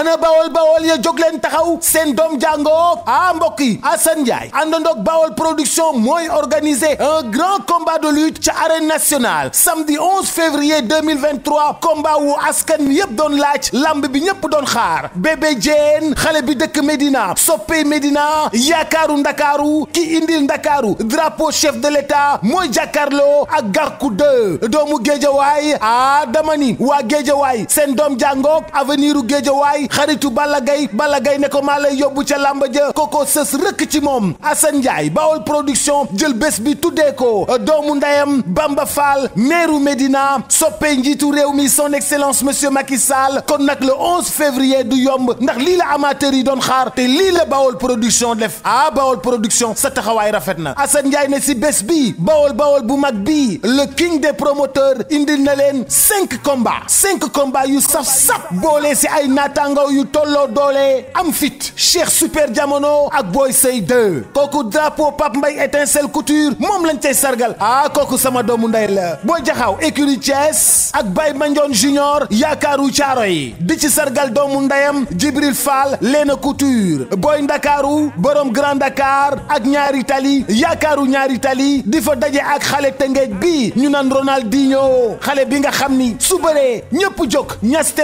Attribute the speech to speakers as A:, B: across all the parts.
A: ana bawol bawol ya jóg leen seen doom jàngoo ah mbokk yi Assane Ndiaye àndandoog bawol production mooy organiser un grand combat de lutte ca arène nationale samedi 11 février 2023 combat askan yëpp doon laaj lamb bi ñëpp doon xaar bébé Diène xale bi dëkk Médina soppe Médina yaakaaru ndakaaru ki indil ndakaaru drapeau chef de l'état mooy jàkkaarloo ak Gakou 2 doomu géejawaay ah dama ni waa géejawaay seen doom jàngoog avenir u géejawaay xaritu Balla Gaye Balla Gaye ko maa yóbbu ca làmba ja koko sës rëkk ci moom Assane Ndiaye Bawol production jël bés bi tuddee ko doomu ndeyam Bamba Fall meeru Médina soppee njiitu réew mi son excellence monsieur Macky Sall kon nag le 11 février du yomb ndax lii la amateur yi doon xaar te lii la Bawol production def ah Bawol production sa taxawaay rafet na Assane Ndiaye ne si bés bi Bawol Bawol bu mag bi le king des promoteurs indi na leen cinq combats cinq combats yu saf saf boole si ay naataango ndaw yu tolloo doole am fit Cheikh Super Jamono ak booy Sey 2 kooku drapeau Pape mbay étincelle couture moom lañ cay sargal ah kooku sama doomu ndey la Boy Jaxaaw écurie Thiès ak Baye Mandione Junior yaakaaru caaro yi di ci sargal doomu ndeyam Jibril Fall Leena Couture Boy Ndakaaru borom Grand Dakar ak ñaari tali yaakaaru ñaari tali di fa daje ak xale tëngeej bi ñu naan Ronaldinho xale bi nga xam ni subaree bëree ñëpp jóg ñas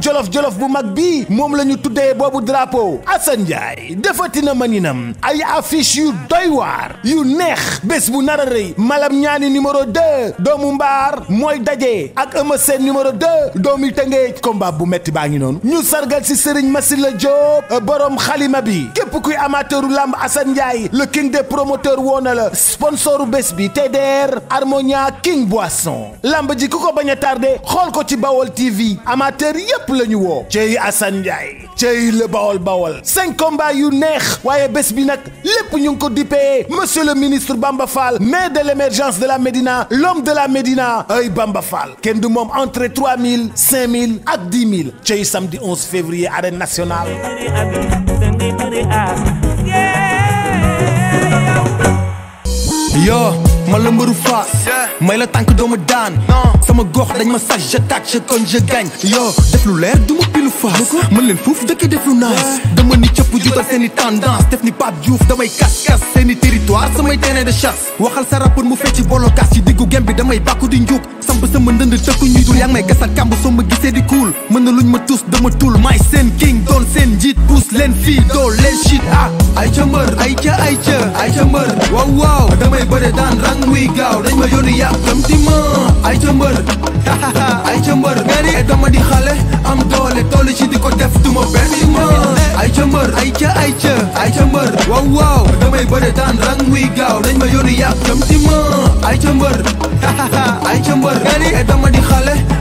A: jolof jolof bu mag bi yi moom la ñu tuddee boobu drapeau Assane Ndiaye defati na maninam ay affiche yu doy yu neex bés bu nar a rëy malam ñaani numéro 2 doomu mbaar mooy daje ak Eumeu Sène numéro 2 doomu tëngéej combat bu metti baa ngi noonu ñu sargal si Serigne la Diop euh, boroom xalima bi képp kuy amateuru làmb Assane Ndiaye le king des promoteurs woo na la sponsoru bés bi TDR Harmonia King Boisson lamb ji ku ko bañ a xool ko ci Bawol TV amateur yépp la woo Assane Ndiaye cey la bawol bawol cinq combats yu neex waaye bés bi nag lépp ñu ko dipee monsieur le ministre Bamba mais maire de l'émergence de la Médina l'homme de la Médina ay Bamba Fall kenn du moom entre 3000 5000 ak 10 000 cey samedi 11 février arène nationale yo ma la mbëru Fass may la tànk doomu daan
B: sama gox dañ ma sax j'attaque je kon je gagne yo def lu leer du ma pilu faas mën leen foofu dëkk def lu naas dama ni cëpp juutal seeni tendance def ni Pape Diouf damay kas-kas seeni territoire samay terrain de chasse waxal sa rappeur mu fecci bolokaas ci diggu gem bi damay bàkku di njuug samp sama ndënd tëkku ñuy dul yaa ngi may gasal kàmb soo ma gisee di kuul mën na luñ ma tus dama tul maay seen king doon seen njiit puus leen fii doo leen shit ah, ay ca mbër ay ca ay ya tam di ay ca mbër ay ca mbër nga ni dama di am doole toll ci di ko def du ma benn ma ay ca mbër ay ca ay ca ay ca mbër waaw waaw damay daan rang muy gaaw nañ ma yónni ya tam ay ca mbër ay dama di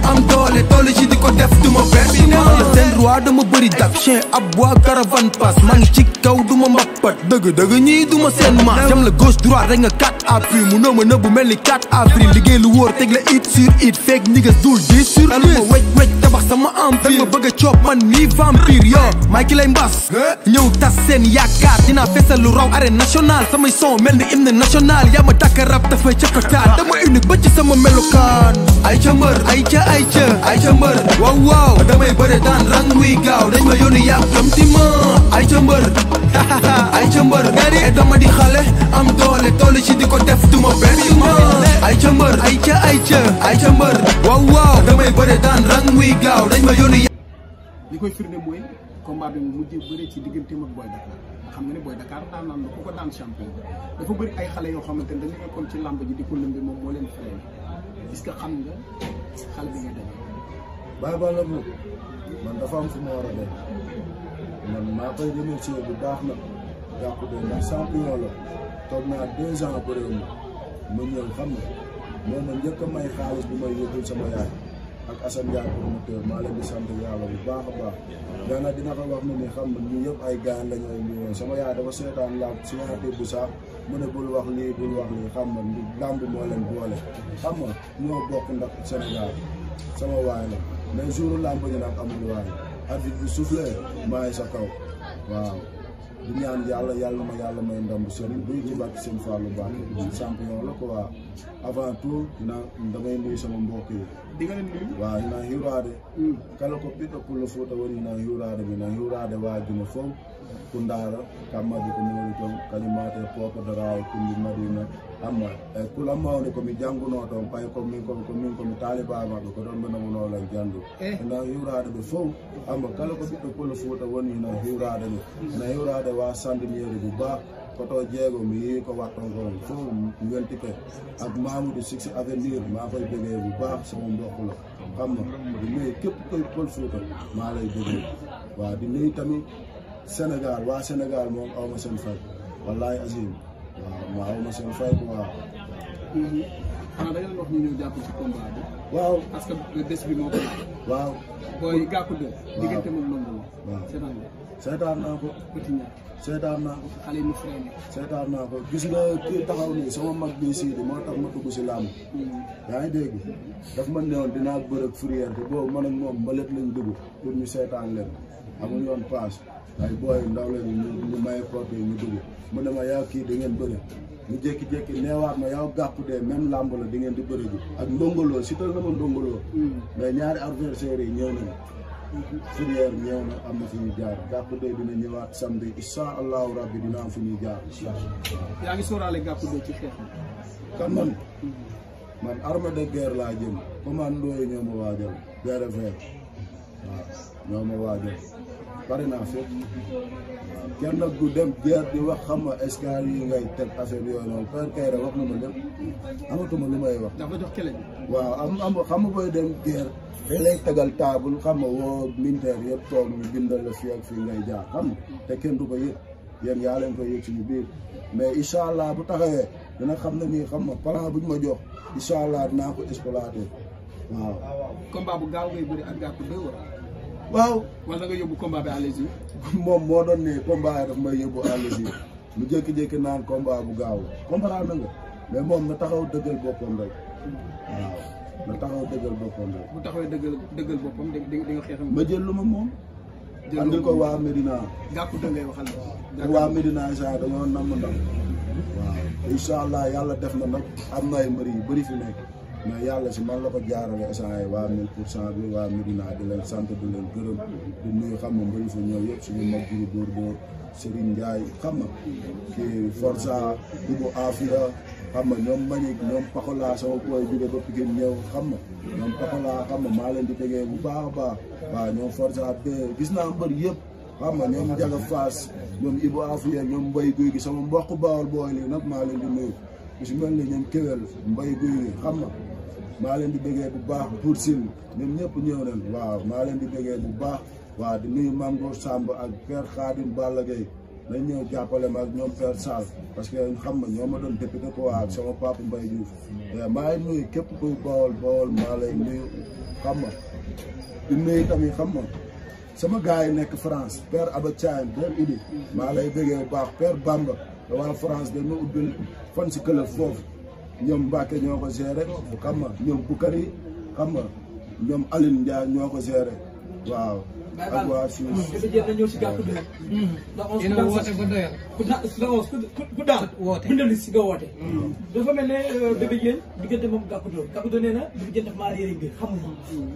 B: am doole toll ci di ko def du ma benn ma droit dama bëri dak chien ab bois caravane pass maa ngi ci kaw du ma mbappat dëgg dëgg ñii du ma seen ma jam la gauche droite rek nga 4 avril mu nëma nëbbu mel ni 4 avril liggéey lu wóor teg it sur it feek niggas dul di sur dal ma wej wej tabax sama empire ma bëgg a man nii vampire yo ki lay mbaas ñëw seen yaakaar dinaa fesal lu raw arène nationale samay ni hymne national yaa ma dàkka rab dafay cakataan dama unique ba ci sama melokaan ay ca mbër ay ca ay ca ay ca mbër waaw waaw damay bëre daan rang muy gaaw dañ ma yónni yàgg tam ti ma ay ca mbër ay ca mbër et dama di xale am doole toll ci di ko def du ma bett ma ay ca mbër ay ca ay ca ay ca mbër waaw waaw damay bëre daan rang muy gaaw dañ ma yónni yàgg li koy firnde mooy combat bi mu mujj bëre ci digganteem ak Boy Dakar xam nga ne Boy Dakar daan naan ko daan dafa bëri ay xale yoo xamante ne dañu nekkoon ci làmb ji di ko lëmbi moom moo leen fayal est-ce que
C: xam nga xale bi nga demee. bàyyi ba man dafa am fu ma war a dem man maa koy remercier bu baax nag gàpp de ndax champion la toog naa deux ans bëréew ma ma ñëw xam ne moom ma njëkk a may xaalis bu may yóbbul sama yaay ak Assane Ndiaye promoteur maa leen di sant yàlla bu baax a baax daanaka dina ko wax ne ni xam nga ñu yëpp ay gaan lañu ñu sama yaay dafa seetaan laaj si waxatee bu sax mu ne bul wax lii bul wax lii xam nga làmb moo leen boole xam nga ñoo bokk ndax Sénégal sama waay la. mais jour làmb ja nag amul waaye arbitre bi soufflé maa sa kaw waaw di ñaan yàlla yàlla ma yàlla may ndam seen buy ci bàkk seen Fallou Mbacké champion la quoi avant tout na damay nuyu sama mbok yi di nga leen waaw na hiwraade hmm. kala ko ɓiɗɗo pullo fof tawoni na hiwraade mi na hiwraade waajuma fof kundara kammadi ko mewni toon kalimate pokodora e kundi madina amma e kula mawde komi jannguno toon pay komin komin komi taalibamaɓe ko ɗon mbenamunolan janndu ena hiwrade ɓe fof amma kala ko ɓiɗɗo polo fouta woni no hiwrade ni ena hiwrade wa sandiniyerudu ba koto jeego mi yii ko watton kon fof mi weltike ak mamoudou six avenir maa koy bégee bu baax sama mbokk la xam nga di nuyu képp koy pol fouta maa lay bégee waaw di nuyu tamit Sénégal waa Sénégal moom aw ma seen fay wallaay azim waaw ma aw seen fay waaw. waaw booy gàkku de. diggante moom noonu la. waaw seetaan naa ko. seetaan naa ko. gis nga taxaw nii sama mag bii Sidi moo tax ma dugg si làmb. Hmm. yaa ngi dégg daf ma newoon dinaa bërëg fourrière te boobu man ak moom mbalit lañ dugg pour ñu seetaan leen. amul yoon paas ay booy ndaw lañu ñu maye kooku ñu dugg mu ne ma yaa kii di ngeen bëri mu jékki-jékki neewaat ma yaa gàpp de même làmb la di ngeen di bëri ji ak ndongoloo si tal na ma ndongoloo hmm. mais ñaari adversaires yi ñëw nañu fourrière ñëw na am na fu ñuy jaar gàpp de dina ñëwaat samedi insha allahu rabbi dina am fu ñuy jaar
B: yaa ngi sóoraale gàpp de ci xeex
C: kan man hmm. man arme de laa jëm commando yi ñoo ma waajal BRFR waaw ñoo ma waajal pare naa fépp kenn du dem geer di wax xam nga escale yi ngay teg affaire yooyu noonu Père Kayra wax na ma lépp amatuma lu may wax. dafa jox kële waaw am am xam nga booy dem geer dañ lay tegal taabul xam nga woo minteer yëpp toog ñu bindal la fii ak fii ngay jaar xam nga te kenn du ko yëg yéen yaa leen koy yëg suñu biir mais incha allah bu taxawee dina xam na nii xam nga plan bu ñu ma jox incha allah dinaa ko exploité. waaw
B: combat bu gaaw ngay bëri ak gàpp deux wala. waaw wala nga yóbbu combat bi à l'usure.
C: moom moo doon ne combat daf may yóbbu à mu jékki-jékki naan combat bu gaaw la comprendre nga mais moom ma taxaw dëggal boppam rek waaw na taxaw dëggal boppam rek. bu
B: taxawee dëggal dëggal boppam di di nga xeex. ma
C: jël lu ma moom.
B: jël andil ko waa Medina. gàpp da ngay
C: waa Medina genre dañoo namm ndam. waaw incha allah yàlla def na nag am na ay mbër yu bëri fi nekk. mais yàlla si man la ko jaarale essence yi waa mille pour cent bi waa Medina di leen sant di leen gërëm di nuyu xam nga mbëri fa ñëw yëpp suñu mag juru dóor dóor Serigne Ndiaye xam nga kii Forza Dugu Afira xam nga ñoom Manick ñoom Pakola xam nga ñoom maa leen di déggee bu baax a baax waaw gis naa yëpp xam nga ñoom Jaga Fass ñoom Ibou Afia ñoom sama mbokk Bawol booy lii nag maa leen di nuyu su mel ni ñoom Kéwel Mbaye Guy xam nga maa leen di bëggee bu baax Buur Sine ñoom ñëpp ñëw nañ waaw maa leen di bëggee bu baax waaw di nuyu Mame Goor Samb ak Père Khadim Balla gay nañ ñëw jàppale ma ak ñoom Père Sall parce que xam nga ñoo ma doon député ko waa ak sama papa Mbaye Diouf eh, maa ngi nuyu képp kuy bawol bawol maa lay nuyu xam nga di nuyu tamit xam nga sama gars yi nekk France Père Aba Thiam Père Idi maa lay bëggee bu baax Père Bamba te waa France dañ ma ubbil fan si këlëb foofu ñoom Mbacke ñoo ko géré xam nga ñoom Bukari xam nga ñoom Aline Ndiaye ñoo ko géré waaw. ak waa Suisse. waaw ñëw si gàtt bi
B: nag. Mm-hmm. dina woote ba doyal. ku na ku daal. woote bindal si nga woote. Mm-hmm. dafa mel ne euh, Bébé Diène diggante moom gàkku doon gàkku doon nee na Bébé Diène dafa maa réeré mbir xamuma. Mm-hmm.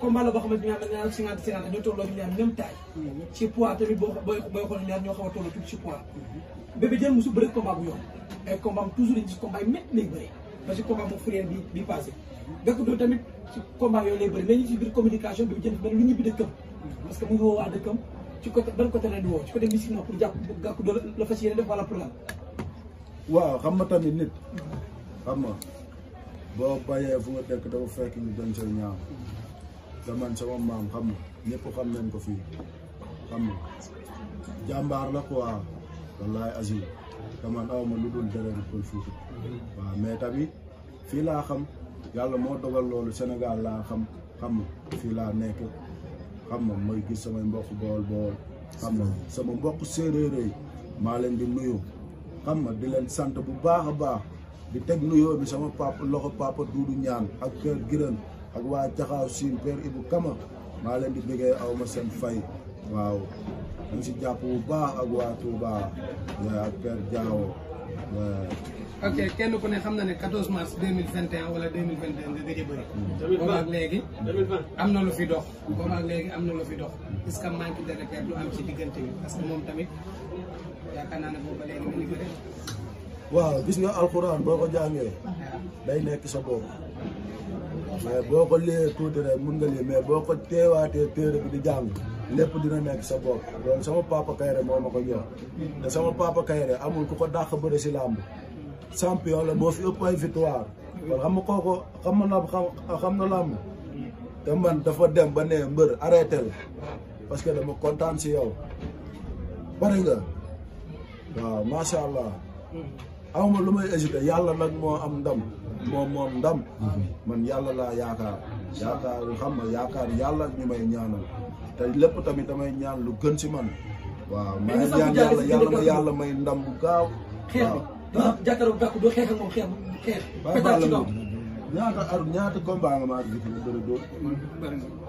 B: combat la boo xamante ni ñaar dañu naan cinquante cinquante ñoo tolloo ñaar même taille. ci poids tamit boo booy xool ñaar ñoo xaw a tolloo tuuti ci poids. Bébé Diène mosu bëri combat bu yoon ay combat toujours dañu gis combat yi métti lay bëri parce que combat moom Fourrière bi bi passé Gàkku Dóor tamit ci combat yooyu lay bëri mais ñu ci biir communication Bébé Diène mel lu ñibbi dëkkam parce que mu ngi woo waa dëkkam ci côté ban côté la di woo ci côté musique pour jàpp Gàkku Dóor la fas yéene def wala pour lan
C: waaw xam nga tamit nit xam nga boo bàyyee fu nga dëkk dafa fekk ñu doon sa ñaaw te man sama maam xam nga ñëpp xam nañ ko fii xam nga jàmbaar la quoi wallaay azim te man aw lu dul deret fii Fuuta waaw mais tamit fii laa xam yàlla moo dogal loolu Sénégal laa xam xam na fii laa nekk xam ma mooy gis samay mbokk bool bool xam na sama mbokk séeréer yi maa leen di nuyu xam na di leen sant bu baax a baax di teg nuyoo bi sama papa loxo papa Duudu Ñaan ak Père Girène ak waa Jaxaaw Siin Père Ibu Kama maa leen di bëggee aw ma seen fay waaw ñu si jàpp bu baax ak waa Touba ak Père Diawo.
B: ok kenn ku ne xam na ne 14 mars 2021 wala 2022 nga gëj a bëri. 2020 boobaag léegi. 2020 am na lu fi dox. boobaag léegi am na lu fi dox est-ce manque de repère du am ci diggante yi parce moom tamit yaakaar naa boobu ba mu ngi bëri.
C: waaw gis nga alxuraan boo ko jàngee. Ah. day nekk sa boobu. mais boo ko liyee tuuti rek mun nga lii mais boo ko teewaatee téere bi di jàng lépp dina nekk sa bopp loolu sama papa Kayre moo ma ko jox te sama papa Kayre amul ku ko dàq bëre si làmb champion la boo fi ëpp ay victoire kon xam nga kooku xam na xam na làmb te man dafa dem ba ne mbër arrêté la que dama kontaan si yow pare nga waaw macha allah. awma lu may hésité yàlla nag moo am ndam moom moom ndam man yàlla laa yaakaar yaakaar xam nga yaakaar yàlla ñu may ñaanal te lépp tamit damay ñaan lu gën si man waaw maa ngi ñaan yàlla yàlla may ndam bu gaaw xeex
B: ba jàkkaarloo dàkk doo xeex ak moom xeex xeex pétard ci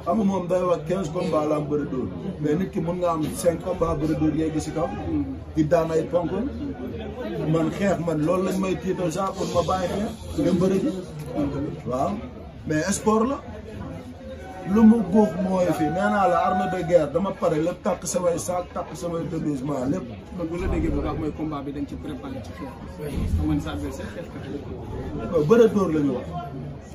C: kaw moom day wax quinze combat la am bëri dóor mais nit ki mën nga am cinq combat bëri dóor yegg si kaw mm. di daan ay ponk man xeex man loolu lañ may tiital saa pour ma bàyyi xeex nga bëri waaw mais sport la. lu mu góox mooy fi nee naa la arme de guerre dama pare lépp takk samay saak takk samay déguisement lépp. donc bu la bu bi dañ ci préparé ci
B: xeex. la ñu wax.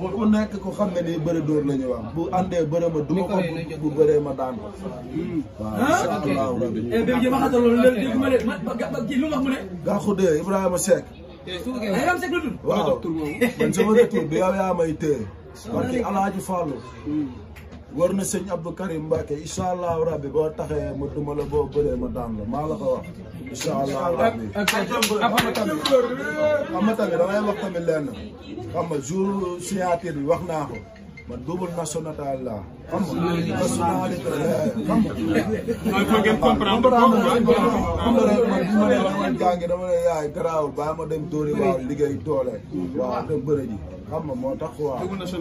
C: ku nekk ku xam ne nii bëre dóor la wax bu àndee bëre ma duma ko bu bëree ma daan ko. Hmm. waaw ah, ok et a ma xatal loolu
B: léegi dégg ma de ma kii lu mu wax mu ne.
C: Gàqudee Ibrahima Seck.
B: Eh, Ibrahima Seck la
C: bi yow yaa may téye. parce que Alaaji war na sëñ Abdou Karim Mbacke incha rabbi boo taxee ma duma la boo bëree ma daan la maa la ko wax. incha rabbi ak xam nga tamit damay wax tamit lenn xam nga jour signature bi wax naa ko man double nationalité la xam nga nationalité xam
B: nga. comprendre man
C: dama ne yaay garaawul ma dem dóori waaw liggéey doole waaw dem bëre xam nga moo tax waaw mais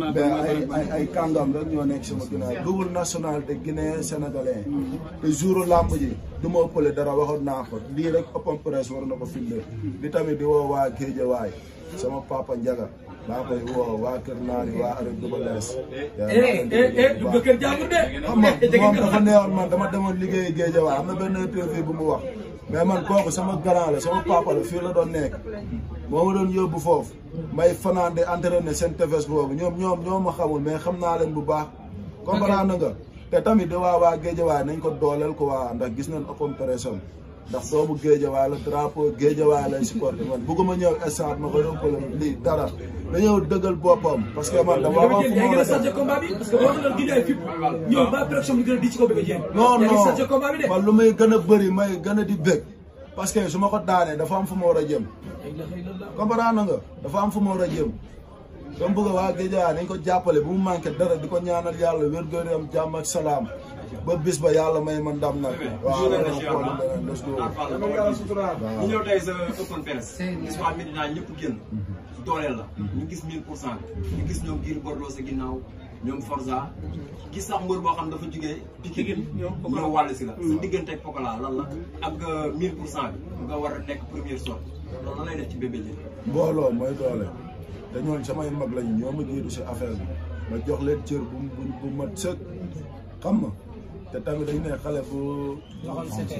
C: ay ay kàngam rek ñoo nekk sama ginnaaw double mm-hmm. national de Guinée sénégalais mm-hmm. te jour làmb ji du ma ëppale dara waxoon naa ko lii rek open press war na ko filmer di mm-hmm. tamit di woo waa Géejawaay sama papa Ndiaga maa koy waa Kër waa Arab eh, eh, eh, du Balees. waaw waaw
B: xam nga moom dafa
C: neexoon man dama demoon am na benn interview bu mu wax. mais man kooku sama grand la sama papa la fii la doon nekk moo ma yóbbu foofu may fanaande entre entraîné seen tefes boobu ñoom ñoom ñoo ma xamul mais xam naa leen bu baax comprendre na nga te tamit di waa waa géejawaay nañ ko dooleel ko waa ndax gis nañ open pression ndax soobu géejawaay la drapeau géejawaay lay supporté man bëgguma ñëw instant ma koy ëppale lii dara dañoo dëggal boppam. parce que man dama wax fu mu parce
B: que boo ko doon géejaay fii ñëw ba pression bi a di ci kaw bëgg jéem.
C: man lu may gën a bëri may gën a di bëgg. parce que su ma ko daanee dafa am fu ma war a jëm. comprendre nga dafa am fu ma war a jëm. dama bëgg waa Géejawaay nañ ko jàppale bu mu manqué dara di ko ñaanal yàlla wér gu yaram jàmm ak salaam ba bis ba yàlla may ma ndam nag. waaw loolu xool beneen bés boobu. ñu
B: ñëw tey sa open press. gis waa la. ñu gis 1000 pour cent gis ñoom Gris Bordeaux sa ginnaaw ñoom Forza. gis sax mbër boo xam dafa jugee. Pikine ñëw wàll si la. Mm. sa diggante ak Pokola lan la ak 1000 euh, bi. nga war a nekk première sorte loolu lan lay def ci bébé
C: mbooloo mooy doole. dañoo samay mag lañ ñoo ma jiitu si affaire bi ma jox leen cër bu bu mat xam nga te tamit dañ ne xale bu.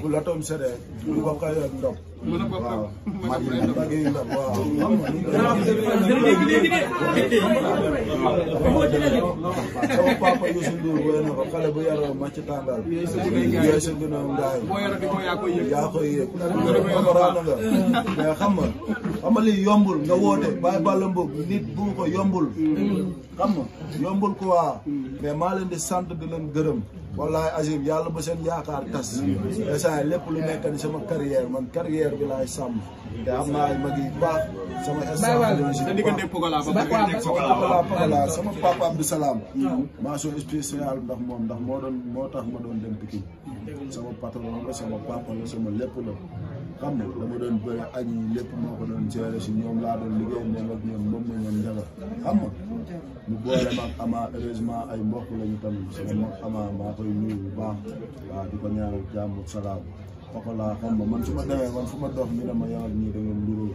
C: bu lotoom bu bokk ko xale bu yaroo ma ci tàngal. yooyu sa ginnaaw ndaay. yaa koy yëg. yaa koy yëg. xam nga. xam nga lii yombul nga woote Baye Balla Mboup nit bu ko yombul. xam nga yombul quoi. mais maa leen di sant di leen gërëm. wallaay Azim yàlla ba seen yaakaar tas. esaay lépp lu nekk ni sama carrière man carrière bi laay sàmm. te am naa ay mag sama papa sama papa ndax moom ndax moo doon moo tax ma doon dem Pikine. sama patron la sama papa sama lépp la. xam nga dama doon bëri añ yi lépp moo ko doon seere si ñoom laa doon liggéey moom ak ñoom moom na ñoom njaga xam nga ñu boole maag ama heureusement ay mbokk lañu tamit sama mag ama maa koy ko ñaanal ma demee da ngeen nduróo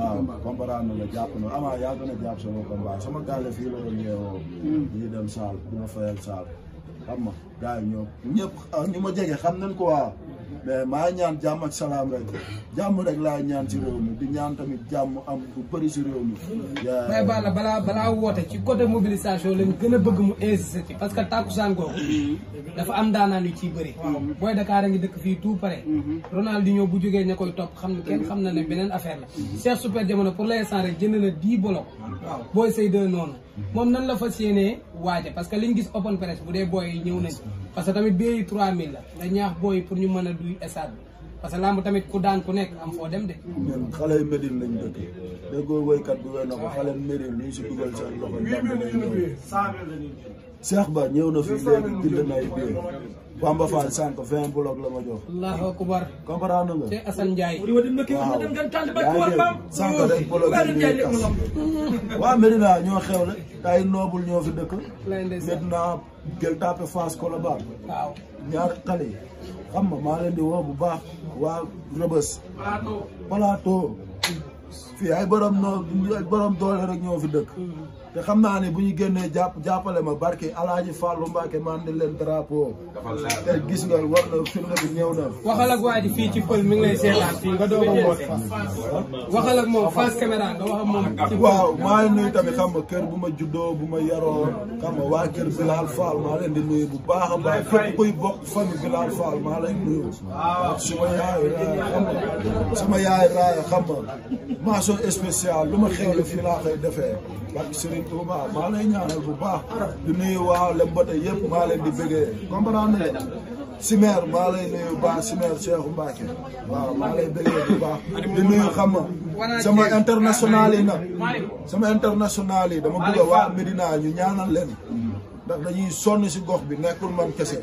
C: waaw comprendre nga jàpp na ama a jàpp sama combat sama gàlle fii la doon yeewoo hmm. ñii dem saal duma fayal saal xam nga gars yi ñoo ñëpp ah, ñu ma jege xam nañ quoi mais maa ñaan jàmm ak salaam rek jàmm rek laa ñaan ci réew mi di ñaan tamit jàmm am bu bëri ci réew mi. mais Balla
B: balaa balaa woote ci côté mobilisation lañ gën a bëgg mu insister ci parce que takkusaan googu dafa am daanaan yu ci bëri. booy Dakar a ngi dëkk fii tout pare. Mm-hmm. ñëw bu jógee ña koy topp xam ne kenn mm-hmm. xam na ne beneen affaire la. Mm-hmm. Cheikh Super Jamono pour l'instant rek jënd na dix bolok. waaw booy Seydou noonu. moom nan la fas yéenee waaje parce que gis open press bu dee booy yi ñëw parce que tamit biir yi 3000 la nga ñaax booy pour ñu mën a duy stade parce que làmb tamit ku daan ku nekk am foo dem de.
C: ñun xale yu Médine lañ dëkk déggoo woykat bi wey na ko xale Médine ñu si dugal seen Ba ñëw na fi léegi bind na ay Bamba Fall sànq vingt bloc la ma
B: waaw yaa rek bloc bi ñuy tas. waa Medina
C: ñoo xew la noobul ñoo fi dëkk. maintenant Gueule Tapée Fass Colobane. waaw ñaar xale xam nga maa leen di woo bu baax. waa Rëbës. plateau. fii ay borom noo ay borom doole rek ñoo fi dëkk. Mm-hmm. te xam naa ne bu ñu génnee jàpp jàppale ma barke alaaji Fallou Mbacke maa ngi leen drapeau. te gis nga war na firnde bi ñëw na.
B: waxal a waa fii ci pël mi ngi seetaan fii nga doog a woote. waxal waaw maa nuyu
C: tamit xam nga kër bu ma juddoo bu ma yaroo xam nga waa kër Bilal Fall maa leen di nuyu bu baax a baax fépp kuy bokk famille Bilal Fall maa leen nuyu. waaw suma yaay raaya xam nga suma yaay raaya lu ma xewle fii laa koy defee. Serigne Touba maa lay ñaanal bu baax di nuyu waa Lemboté yëpp maa leen di bëggee comprendre nga Simer maa lay nuyu baax Simer Cheikh Mbacke waaw maa lay bëggee bu baax di nuyu xam nga
B: sama international yi nag
C: sama international yi dama bëgg a waa Medina ñu ñaanal leen ndax dañuy sonn si gox bi nekkul man kese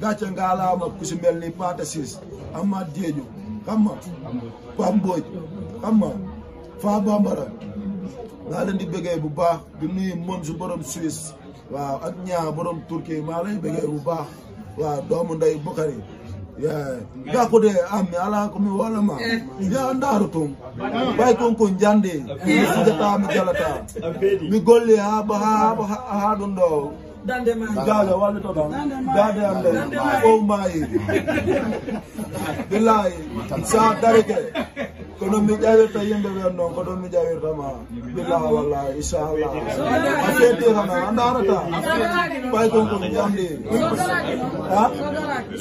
C: gàcce ngaalaama ku si mel ni Pate Ciss Amath Diédhiou xam nga Pam xam nga Fa Bambara maa leen di bëggee bu baax di nuyu moom su borom Suisse waaw ak ñaa borom Turquie maa lay bëggee bu baax doomu nday Bukari gakude ami ala komi walama ya ndaaro toon ɓay kon kon jande mi sijata mi jalata mi golle ha ha ha ɗum ɗo gaga wallitoɗa am nde o mayi billayi sa kono mi ƴawirta yimɓe ɓen noon ko ɗon mi ƴawirtama billah wallah inchallah a seeti hana a darata ɓay kon kon jamdi a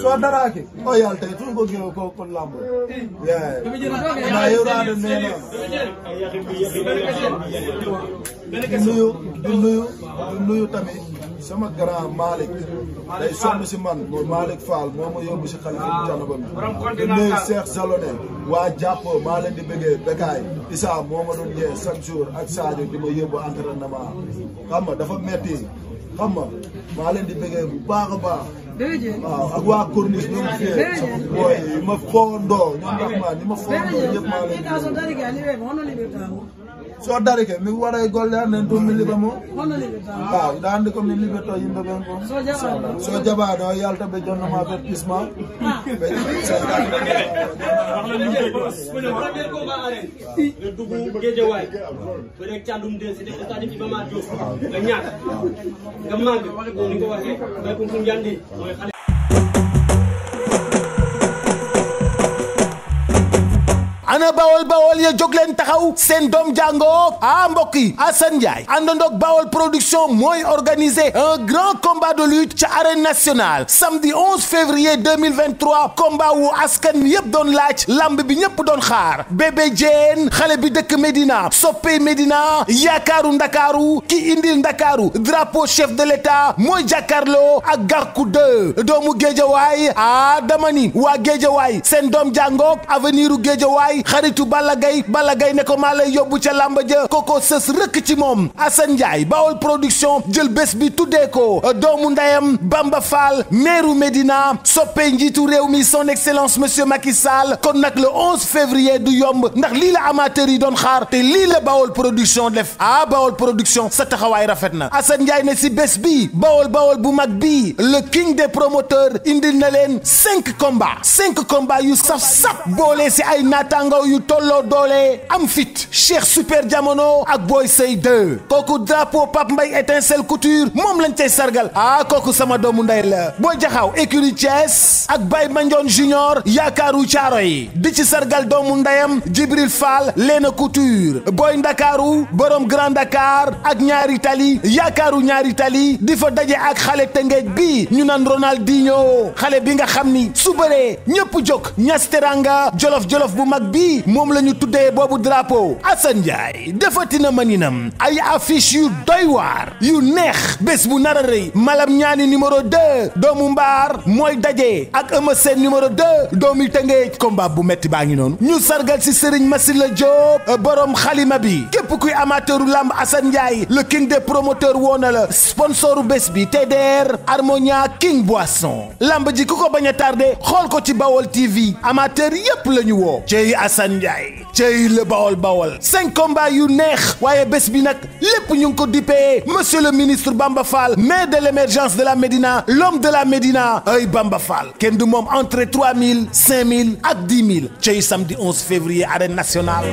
C: so daraki o yaltay tun ko gio ko kon lambo ye ana yewrade nena du nuyu du nuyu du nuyu tamit sama grand Malick day sonn si man Malick Fall moo ma yóbbu si xalifa bi canaba bi di nuyu Cheikh Salone waa jàppoo maa leen di bëggee Bekaay moo doon jee chaque jour ak Sadio di ma yóbbu entraînement xam nga dafa metti xam nga maa leen di bëggee bu baax a baax waaw ak waa Corniche ñoom fee booy ma foondoo ñoom ndax ma ni ma foondoo ñëpp maa soo mi waɗa e golle an a toon mi liɓa mo
B: waaw
C: ɗa anndi komi ko so jaɓaɗo o yalta ɓe jonnoma baptisement
B: ɓe dugu guejewaay ɓeɗe candum de sede ko tadi fibama
A: ana bawol bawol ya jóg leen seen doom jàngoo ah mbokk yi Assane Ndiaye àndandoog bawol production mooy organiser un grand combat de lutte ca arène nationale samedi 11 février 2023 askan yëpp doon laaj lamb bi ñëpp doon xaar bébé Diène xale bi dëkk Médina soppee Médina yaakaaru ndakaaru ki indil ndakaaru drapeau chef de l'état mooy jàkkaarloo ak Garkou 2 doomu géejawaay ah dama ni waa géejawaay seen doom jàngoog avenir u xaritu Balla Gaye Balla Gaye ko maa lay yóbbu ca làmba ja koko sës rëkk ci moom Assane Ndiaye Bawol production jël bés bi tuddee ko euh, doomu ndeyam Bamba Fall meeru Medina soppe njiitu réew mi son excellence monsieur Macky Sall kon nag le 11 février du yomb ndax lii la amateur yi doon xaar te lii la Bawol production def ah Bawol production sa taxawaay rafet na Assane Ndiaye ne si bés bi Bawol Bawol bu mag bi le king des promoteurs indil na leen cinq combats cinq combats yu saf saf boole si ay naataango ndaw yu tolloo doole am fit Cheikh Super Jamono ak Boy Sey kooku drapeau Pape mbay étincelle couture moom lañ cay sargal ah kooku sama doomu ndey la Boy Jaxaw écurie Thiès ak Baye Mandione Junior yaakaaru caaro yi di ci sargal doomu ndeyam Jibril Fall Leena Couture Boy Ndakaaru borom Grand Dakar ak ñaari tali yaakaaru ñaari tali di fa daje ak xale tëngeej bi ñu naan Ronaldinho xale bi nga xam ni subaree bëree ñëpp jóg ñas jolof jolof bu mag bi yi moom la ñu tuddee boobu drapeau Assane Ndiaye defati na maninam ay affiche yu doy waar yu neex bés bu nar a rëy malam ñaani numéro 2 doomu mbaar mooy daje ak Eumeu Sène numéro 2 doomi tëngéej combat bu metti baa ngi noonu ñu sargal si sëriñ Serigne la Diop borom xalima bi képp kuy amateuru lamb Assane Ndiaye le king des promoteurs woo na la sponsoru bés bi TDR Harmonia King Boisson lamb ji ku ko bañ a xool ko ci Bawol TV amateur yépp la woo Assane Ndiaye cey la bawol bawol cinq combats yu neex waaye bés bi nag lépp ñu ko dipee monsieur le ministre Bamba mais maire de l'émergence de la Médina l'homme de la Médina ay Bamba Fall kenn du moom entre 3000 5000 ak 10 mille cey samedi 11 février arène nationale